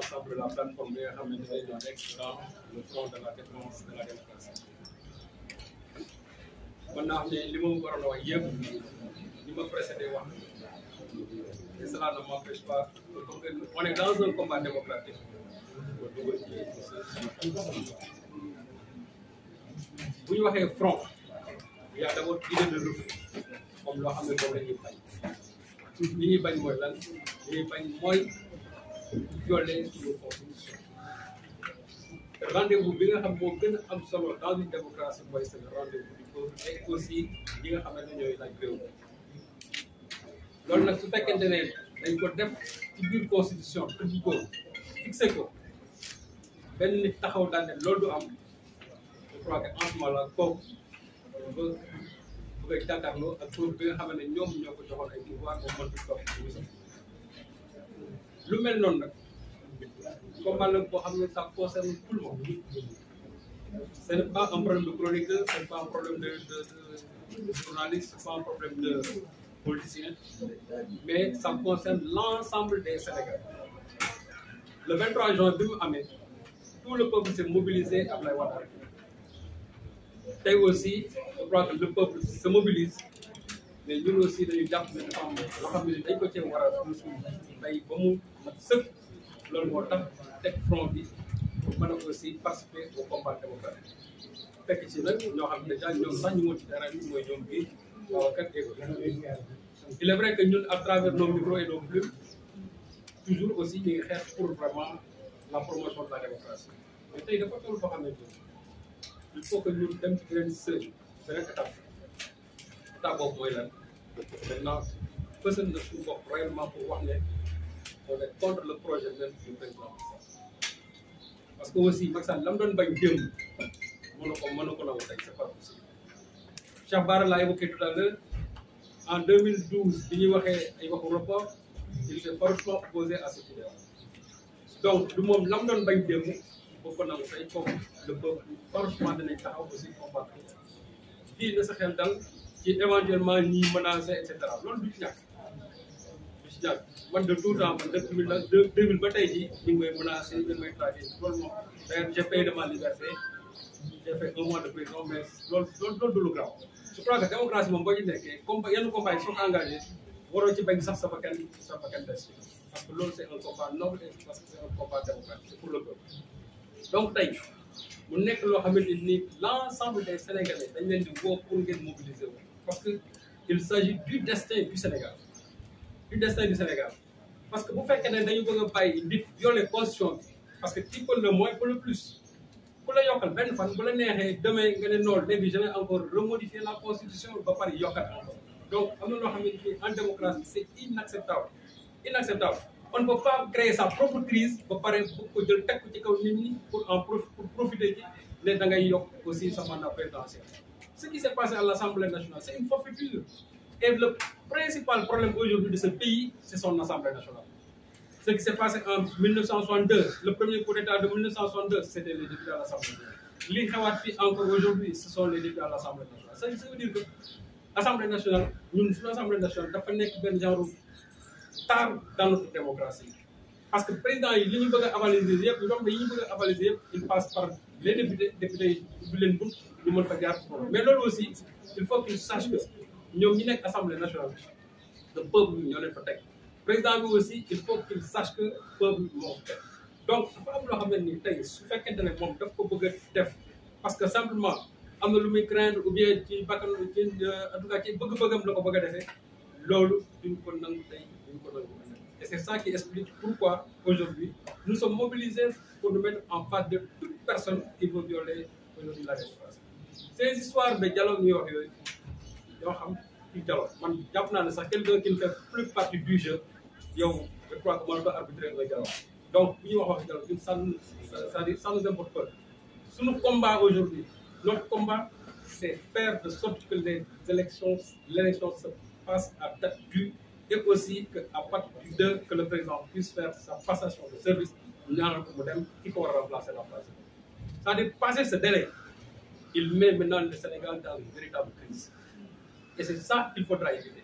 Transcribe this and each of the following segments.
responsable de la plateforme bi nga xam ne dañoo de la de la démocratie mën naa xam ne li ma waroon a wax yëpp li ma précédé wax et cela ne m'empêche pas on est dans un combat démocratique bu ñu waxee front y a d'abord idée de refus la ñuy bañ li bañ mooy lan li bañ mooy violer nos constitutions rendez-vous bi nga xam moo gën a am solo dans une démocratie mooy seen rendez-vous du peuple mais aussi ñi nga xamante ñooy laaj réew loolu nag su fekkente ne dañ ko def biir constitution tëdd ko fixé ko benn taxaw daal ne loolu du am je crois que en ce moment a ak peuple bi nga xam ne ñoom ñoo ko joxoon ay pouvoir moom mënut a toog lu mel noonu nag combat la boo xam ne ça concerne tout le monde ce n'est pas un problème de chroniqueur ce n'est pas un problème de journaliste ce n'est pas un problème de politicien mais ça concerne l'ensemble des Sénégalais le 23 juin bi mu amee tout le peuple s'est mobilisé Abdoulaye Wade tey aussi le peuple se mobilise mais ñun aussi dañu jàpp ne dafa am loo xam ne dañ ko cee mat sëkk loolu moo tax teg front bi pour mën a aussi participer au combat démocratique fekk ci nag ñoo xam déjà ñoom sax ñu woon ci terrain bi mooy ñoom bii Babacar Diego il est vrai que ñun à travers nos micros et nos toujours aussi ñu ngi pour vraiment la promotion de la démocratie mais tey dafa toll boo xamante ni il faut que ñun dem ci beneen sëñ beneen étape étape boobu mooy lan maintenant fësal na suñu bopp réellement pour wax ne on est le projet même parce que aussi Macky Sall la doon bañ démb mënu ko mënu ko nangu tey c'est pas possible Cheikh Bara l'a évoqué tout en 2012 bi ñuy waxee ay waxu report il était farouchement opposé à cette idée donc du moom la mu doon bañ démb boo ko nangu tey le peuple farouchement danañ taxaw aussi combattre fii na sa xel dal éventuellement ñiy menacer et jàpp man de tout temps man depuis mille neuf deux mille ba tey jii ñu ngi may menacé ñu ngi may traqué loolu moom d'ailleurs j'ai payé de ma liberté j'ai fait un mois de prison mais loolu loolu loolu du lu grave je crois que démocratie moom boo ci nekkee comme yenn combat yi soo ko engagé waroo ci bañ sax sa bakkan sa bakkan des parce que loolu c'est un combat noble et parce que c'est un combat démocratique pour le peuple donc tey mu nekk loo xamante ni l'ensemble des Sénégalais dañ leen di woo pour ngeen mobiliser wu parce que il s'agit du destin du Sénégal du destin du Sénégal parce que bu fekkee ne dañu bëgg a bàyyi nit constitution parce que qui peut le moins peut le plus ku la yokkal benn fan bu la neexee demain nga ne noonu léegi je vais encore remodifier la constitution ba pare yokkal donc am na loo xam ne en démocratie c' est inacceptable inacceptable on peut pas créer sa propre crise ba pare bu ko jël teg ko ci kaw nit ñi pour en prof pour profiter ci ne da yokk aussi sa mandat présidentiel ce qui s' est passé à l' assemblée nationale Et le principal problème aujourd'hui de ce pays, c'est son Assemblée nationale. Ce qui s'est passé en 1962, le premier coup d'État de c'était les députés à l'Assemblée nationale. L'Ikhawatfi, encore aujourd'hui, ce les députés à l'Assemblée nationale. Ça, ça veut dire que l'Assemblée nationale, nous, l'Assemblée nationale, nous avons un genre tard Parce que président, il n'y a pas il passe par les députés, députés, ils ne peuvent pas Mais là aussi, il ñoom ñi nekk assemblée nationale le peuple bi ñoo fa teg président bi aussi il faut qu'il sache que peuple bi moo donc dafa loo xam ni tey su fekkente ne moom daf ko bëgg a def parce que simplement am na lu muy craindre ou bien ci bakkan ci euh, en tout cas ci bëgg-bëggam la ko bëgg a defee loolu duñ ko nangu tey duñ ko nangu et c'est ça qui explique pourquoi aujourd'hui nous sommes mobilisés pour nous mettre en face de toute personne qui veut violer aujourd'hui la démocratie ces histoires de dialogue ñu wax yooyu yoo xam ci dialogue man jàpp naa ne sax quelqu'un qui ne fait plus partie du jeu yow je crois que mënatoo arbitrer nga dialogue donc bu ñuy wax wax dialogue ça c'est-à-dire ça nous importe peu suñu combat aujourd'hui notre combat c'est faire de sorte que les élections l'élection se passe à date due et aussi que à partir de 2 que le président puisse faire sa passation de service ñaanal ko mu dem ki ko war a remplacer la place à dire passer ce délai il met maintenant le et c'est ça qu'il faudra éviter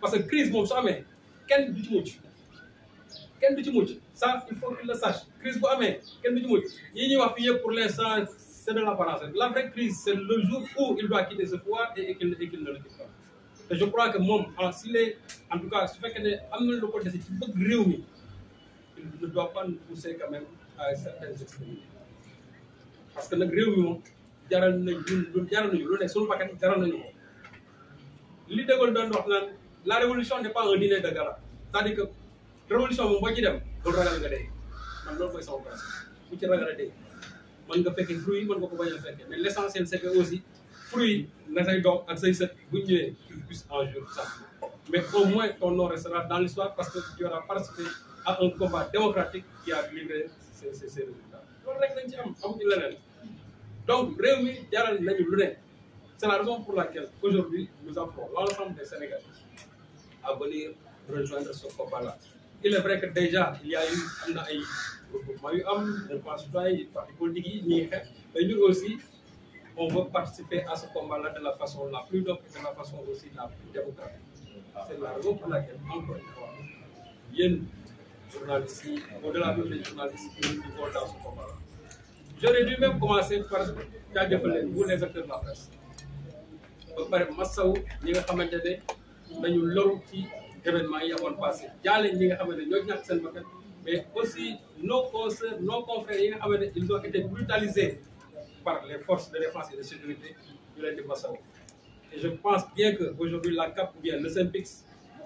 parce que crise moom su amee kenn du ci mucc kenn du ci mucc ça il faut qu'il le sache crise bu amee kenn du ci mucc ñi ñuy wax fii yëpp pour l'instant c'est de l'apparence la vraie crise c'est le jour où il doit quitter ce pouvoir et et qu'il ne le quitte pas te je crois que moom en ah, s'il en tout cas su fekkee ne am na lu ko dese ci bëgg réew mi il ne doit pas nous pousser parce que nag réew mi jaran jaral nañu jaral nañu lu ne suñu bakkan jaral nañu ko li De Gaulle doon wax naan la révolution n'est pas un dîner de gala c'est-à-dire que révolution moom boo ci dem bul ragal nga dee man loolu mooy sama principe bu ci ragal a dee mën fruit yi mën nga ko bañ mais l'essentiel c'est aussi fruit na say doom ak say sët bu ñu ñëwee tu puisses mais au moins ton nom restera dans l'histoire parce que tu auras participé à un combat démocratique qui a livré ses ses résultats rek lañ ci am amu ci donc réew mi jaral nañu C'est la raison pour laquelle aujourd'hui nous appelons l'ensemble des Sénégalais à venir rejoindre ce combat-là. Il est vrai que déjà il y a eu am na ay aussi participer à ce combat-là de la façon la plus noble de la façon aussi la plus démocratique. C'est la raison pour laquelle encore une fois au-delà même des journalistes yi ñu ngi ce combat-là. J'aurais dû même commencer par jaajëfal leen vous les acteurs de la presse. ba pare masawu ñi nga xamante ne dañu loru ci événement yi amoon passé jaale ñi nga xamante ne ñoo ñàkk seen bakkan mais aussi nos consoeurs nos confrères yi nga xamante ne ils ont été brutalisés par les forces de défense et de sécurité ñu leen di masawu et je pense bien que aujourd'hui la CAP ou bien le SYNPICS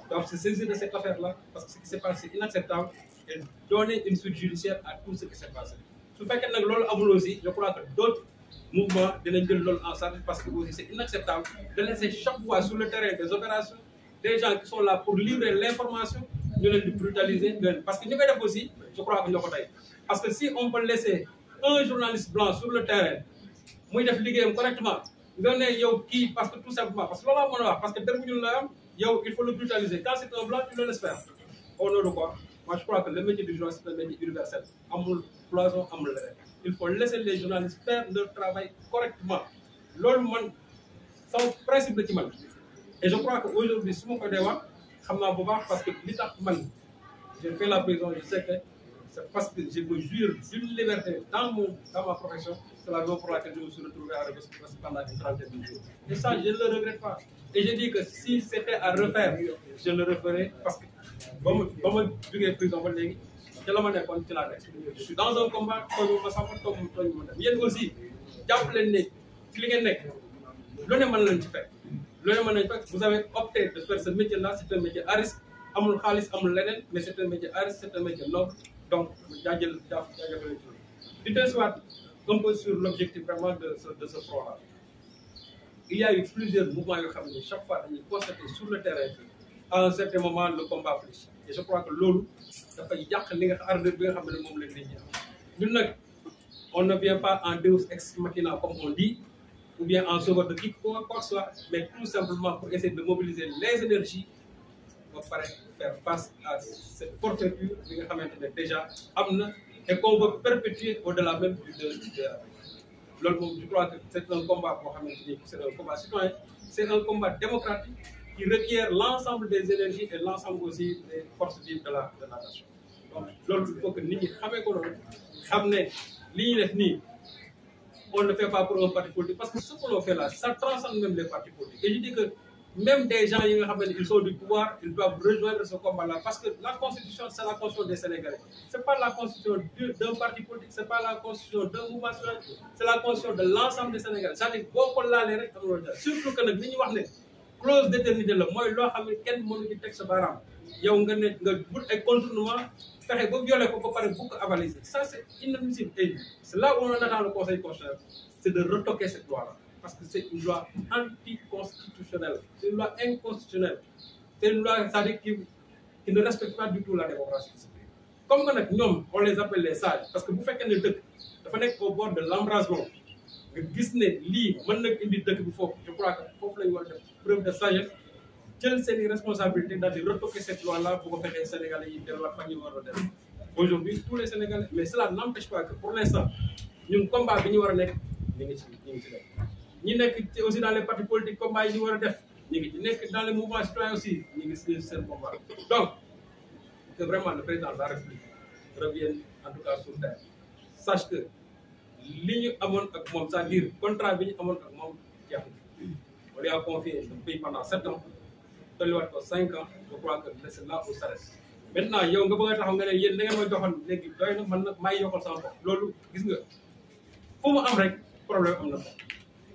doivent se saisir de cette affaire-là parce que ce qui s'est passé inacceptable et donner une suite judiciaire à tout ce qui s'est passé su loolu amul aussi je que d'autres mouvement dinañ jël loolu en charge parce que aussi c' inacceptable de laisser chaque fois sur le terrain des opérations des gens qui sont là pour livrer l' information ñu leen di brutaliser parce que ñu koy def aussi je crois que ñoo ko parce que si on peut laisser un journaliste blanc sur le terrain muy def liggéeyam correctement nga ne yow kii parce que que loolu parce que il faut le brutaliser quand c' un blanc tu le respectes au nom de quoi moi je crois que le métier du journaliste il faut laisser les journalistes faire leur travail correctement loolu man sama principe la ci man et je crois que aujourd'hui su ma ko dee wax xam naa bu baax parce que li tax man j'ai fait la prison je sais que parce que je me jure d'une liberté dans mon dans ma profession c'est la raison pour laquelle je me suis retrouvé à Rebeuss pendant une trentaine de jours et ça je ne le regrette pas et je dis que si c'était à refaire je le referais parce que ba léegi te la ma nekkoon ci laa nekk je suis dans un combat tooñu ma sama tooñu tooñu ma dem yéen aussi jàpp ne ci li ngeen nekk lu ne mën leen ci fekk lu ne mën leen fekk vous avez opté de faire ce métier là c'est un métier à risque amul xaalis amul leneen mais c'est un métier à risque c'est un métier noble donc jaajël jaaf jaajëf leen ci di teesuwaat un sur l'objectif vraiment de ce de ce a eu plusieurs mouvements yoo xam ni chaque fois dañuy constater sur le terrain à un certain moment le combat fléchit et je crois que loolu dafay yàq li nga ardeur bi nga xam ne moom lañ leen ñaax ñun nag on ne vient pas en deus ex machina comme on dit ou bien en sauveur de qui quoi que ce soit mais tout simplement pour essayer de mobiliser les énergies ba pare faire face à cette forfaiture bi nga xamante ne déjà am na et qu'on veut perpétuer au-delà même du de loolu moom je crois que c'est un combat boo xamante ni c'est un combat citoyen c'est un combat démocratique qui requiert l'ensemble des énergies et l'ensemble aussi des forces vives de la de la nation donc loolu il que nit ñi xamee ko noonu xam ne li ñuy nii on ne fait pas pour un parti politique parce que ce que l'on fait là ça les partis politiques et je dis que même des gens yi nga xam ne ils sont du pouvoir ils doivent rejoindre ce combat là parce que la constitution c'est la constitution des Sénégalais c'est pas la constitution d'un parti politique c'est pas la constitution ñuy wax ne clause d'éternité la mooy loo xam kenn mënu ci teg sa yow nga ne nga but ay contournement fexe ba violé ko ba pare bugg avaliser ça c' est et c' est là conseil constitutionnel c' de retoquer cette loi là parce que c' est une loi anticonstitutionnelle c' est une loi inconstitutionnelle c' est une loi cest qui qui ne respecte pas du tout la démocratie comme que nag ñoom on les appelle les sages parce que bu fekkee ne dëkk dafa nekk au bord l' embrasement nga lii mën na indi dëkk bi foofu je crois que foofu la preuve de sagesse jël seen i responsabilité daal di retoquer cette loi là bu ko fexee sénégalais yi def la fa ñu war a def aujourd'hui tous les sénégalais mais cela n'empêche pas que pour l'instant ñun combat bi ñu war a nekk ñu mu ci ñu ngi ci ñi nekk aussi dans les partis politiques combat yi ñu war ñu ngi ci nekk dans les ngi ci seen combat donc que vraiment le président de la république revienne en tout cas sur sache que li ñu amoon ak moom cest dire contrat bi ñu amoon ak moom jeexul On lui a confié le pays pendant 7 ans, on lui a donné 5 je crois que c'est là où ça reste. Maintenant, yow nga bëgg a taxaw nga ne yéen da ngeen may joxoon na mën na may yokkal sama bopp loolu gis nga fu mu am rek problème am na fa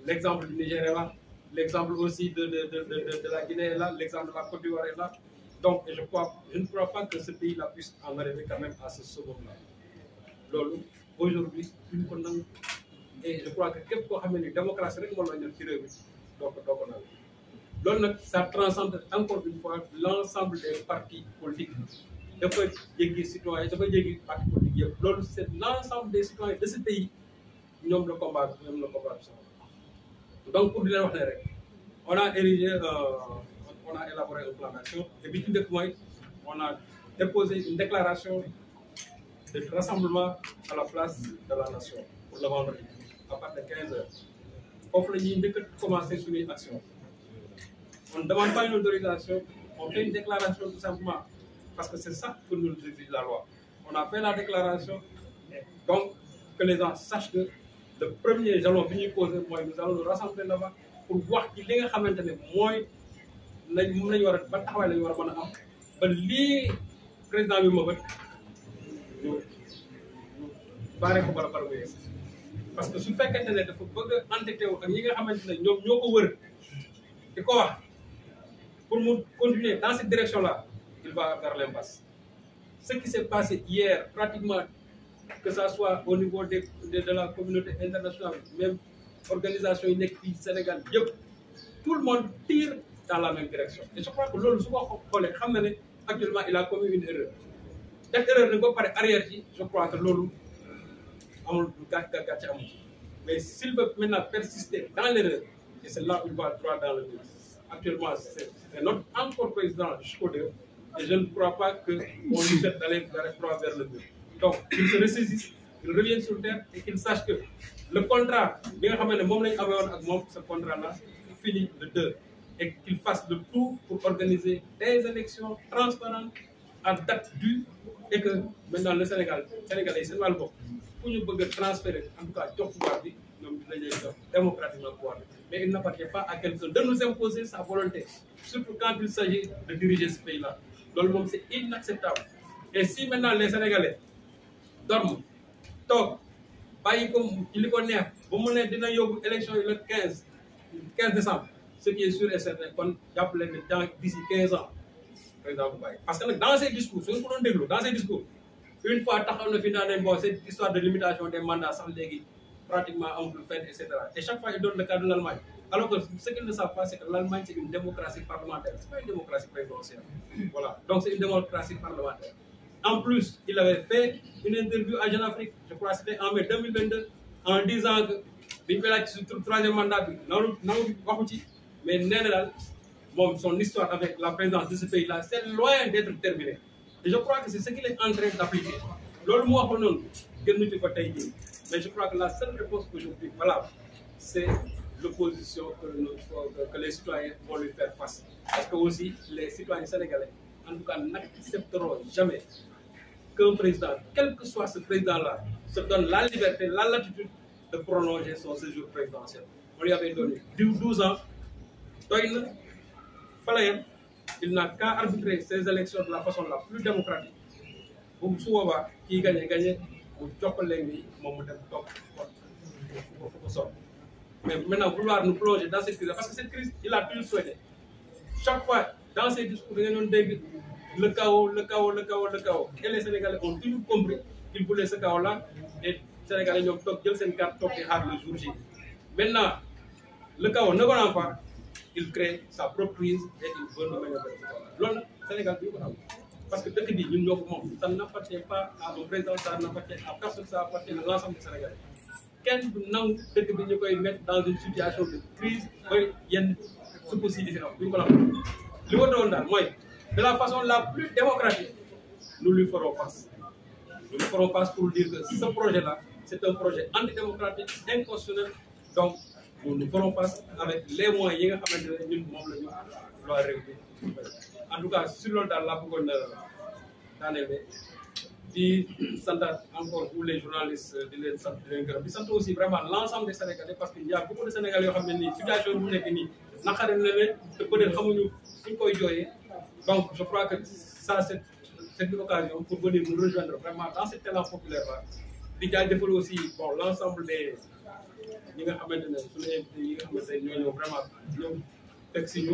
l' exemple du Niger est là aussi de de de de de la Guinée est là de la Côte d'Ivoire est là donc je crois je ne crois pas que ce pays là puisse en arriver quand même à ce second là loolu aujourd'hui duñ ko et je crois que képp koo xam doo ko doo ko nangu loolu nag ça transcende encore une fois l' ensemble des partis politiques dafa jéggi citoyen dafa jéggi parti politique yëpp loolu c' est l' des citoyens de ce pays ñoom la combat ñoom la combat bi donc pour di leen on a érigé euh, on a élaboré une plan d'action et on a déposé une déclaration de rassemblement à la place de la nation pour le vendredi de 15 heures foofu la ñuy njëkk a commencer suñuy action on ne demande pas une autorisation on fait une déclaration tout simplement parce que c'est ça que nous exige la loi on a fait la déclaration donc que les gens sachent que le premier jalon bi ñuy poser mooy nous allons nous rassembler là-bas pour wax ci li nga xamante ne mooy lañ moom la ñu war a ba ñu war a a am ba lii président bi ma bët ñu baaree ko bara bara parce que su fekkente ne dafa bëgg a entêté wu ak ñi nga xamante ne ñoo ñoo ko wër di ko wax pour mu continuer dans cette direction là il va vers l'impasse ce qui s'est passé hier pratiquement que ça soit au niveau de de, de la communauté internationale même organisation yi nekk fii Sénégal yëpp tout le monde tire dans la même direction et je crois que loolu su ko xoolee xam na ne actuellement il a commis une erreur def erreur nag ba pare arrière ci je crois que loolu amul gàcc gàcc amul ci mais s'il veut maintenant persister dans l'erreur et c'est là où il va droit dans le mur actuellement c'est notre encore président jusqu'au et je ne crois pas que on lui d'aller droit vers le mur donc qu'il se ressaisisse qu'il revienne sur terre et qu'il sache que le contrat bi nga xam ne moom lañu amee woon ak moom ce contrat là finit le deux et qu'il fasse le tout pour organiser des élections transparentes en date du et que maintenant le Sénégal Sénégalais yi seen wàllu bopp ku ñu bëgg a transférer en tout cas jox pouvoir bi ñoom dinañ lay démocratiquement pouvoir bi mais il n'appartient pas à quelqu'un de nous imposer sa volonté surtout quand il s'agit de diriger ce pays là loolu moom c'est inacceptable et si maintenant les Sénégalais dorment toog bàyyi ko ci li ko neex ba mu dina yóbbu élection yi le 15 15 décembre ce qui est sûr et certain kon jàpp leen ne dans d'ici 15 président bu bàyyi parce que dans ces discours une fois taxaw na fi naa ne bon cette de limitation des mandats sax léegi pratiquement amul fenn et cetera et chaque fois il donne le cas de l'Allemagne que ce qu'ils ne savent pas c'est que l'Allemagne c'est une démocratie parlementaire c'est une démocratie parlementaire en plus il avait fait une interview à Afrique je crois en mai 2022 en disant que bi ñu koy laaj moom son histoire avec la présidence de ce pays-là c'est loin d'être terminé et je crois que c'est ce qu'il est en train d'appliquer loolu mu waxoon noonu gënnuti ko tey jii mais que la seule valable c'est l'opposition que les citoyens vont lui faire face parce que aussi les citoyens sénégalais en tout cas n'accepteront jamais qu'un président quel que soit ce président-là se donne la liberté la latitude de prolonger son séjour présidentiel on fa la il n'a qu'à arbitrer ces élections de la façon la plus démocratique bu su boobaa kii gagné gagné mu jox leen ni mu dem toog mais maintenant vouloir nous plonger dans cette crise parce que cette crise il a toujours souhaité chaque fois dans ses discours da ngeen doon dégg le chaos le chaos le chaos le chaos ont toujours compris qu'il voulait ce chaos là et Sénégalais ñoom toog jël seen carte toog le jour J maintenant le chaos ne va pas. il crée sa propre crise et il veut le Sénégal bi ñu ko parce que dëkk bi ñun ñoo ko moom ça n'appartient pas à un président ça n'appartient à personne ça appartient à l'ensemble Sénégal kenn du nangu dëkk bi ñu koy mettre dans une situation de crise mooy yenn suuf si différent bi ñu ko am li mooy de la façon la plus démocratique nous lui ferons face nous lui ferons face pour dire que ce projet là c'est un projet antidémocratique inconstitutionnel donc nous ne ferons pas avec les moyens yi nga xamante ne ñun moom la ñu loi réew en tout cas sur loolu daal laa bëggoon euh, daaneel di santaat encore tous les journalistes di leen di leen aussi vraiment l' ensemble des parce que y' a beaucoup de sénégalais yoo xam ne nii situation bu nekk nii naqare na leen te peut-être xamuñu suñ koy jooyee donc je crois que ça c' est c' occasion pour venir nous rejoindre vraiment dans cet élan populaire là di jaajëfal aussi bon l' ensemble ñi nga xamante ne suñu invité yi nga xamante ne ñoo ñëw vraiment ñëw teg si ñu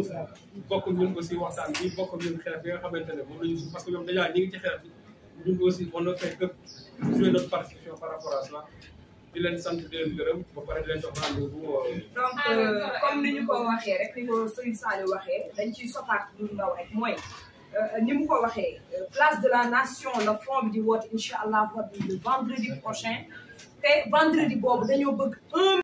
bokk ñun aussi waxtaan bi bokk ñun xeex bi nga xamante ne moom la ñu parce que ñoom déjà ñi ngi ci xeex bi ñun aussi on a fait que jouer notre partition par rapport à cela di leen sant di leen gërëm ba pare di leen jox rendez-vous euh, ah, euh, donc comme ni ñu ko waxee rek ni ko Serigne Saliou waxee dañ ciy sopaat lu ndaw rek mooy euh, ni mu ko waxee place de la nation la fond bi di woote incha allah rabbi le vendredi prochain te vendredi boobu dañoo bëgg un